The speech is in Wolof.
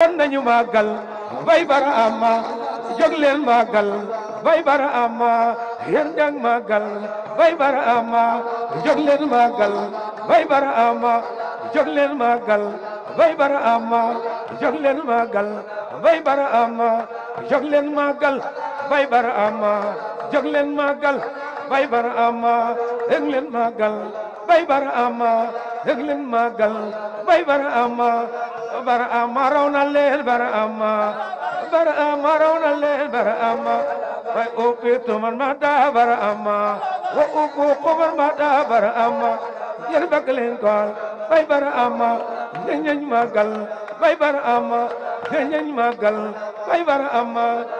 kon nañu màggal bay bara ama jóg leen màggal bay bara ama yéen dang màggal bay bara ama jóg leen màggal bay bara ama jóg leen màggal bay bara ama jóg leen màggal bay bara ama jóg leen màggal bay bara ama jóg leen màggal bay bara ama yëg leen màggal bay bara ama yëg leen màggal bay bara ama برأمرون الليل برأما برأمرون الليل برأما وأوقيتم المدى برأما وأوقوكم المدى برأما يربك لينكول باي برأما نين مقل باي برأما نين مقل باي برأما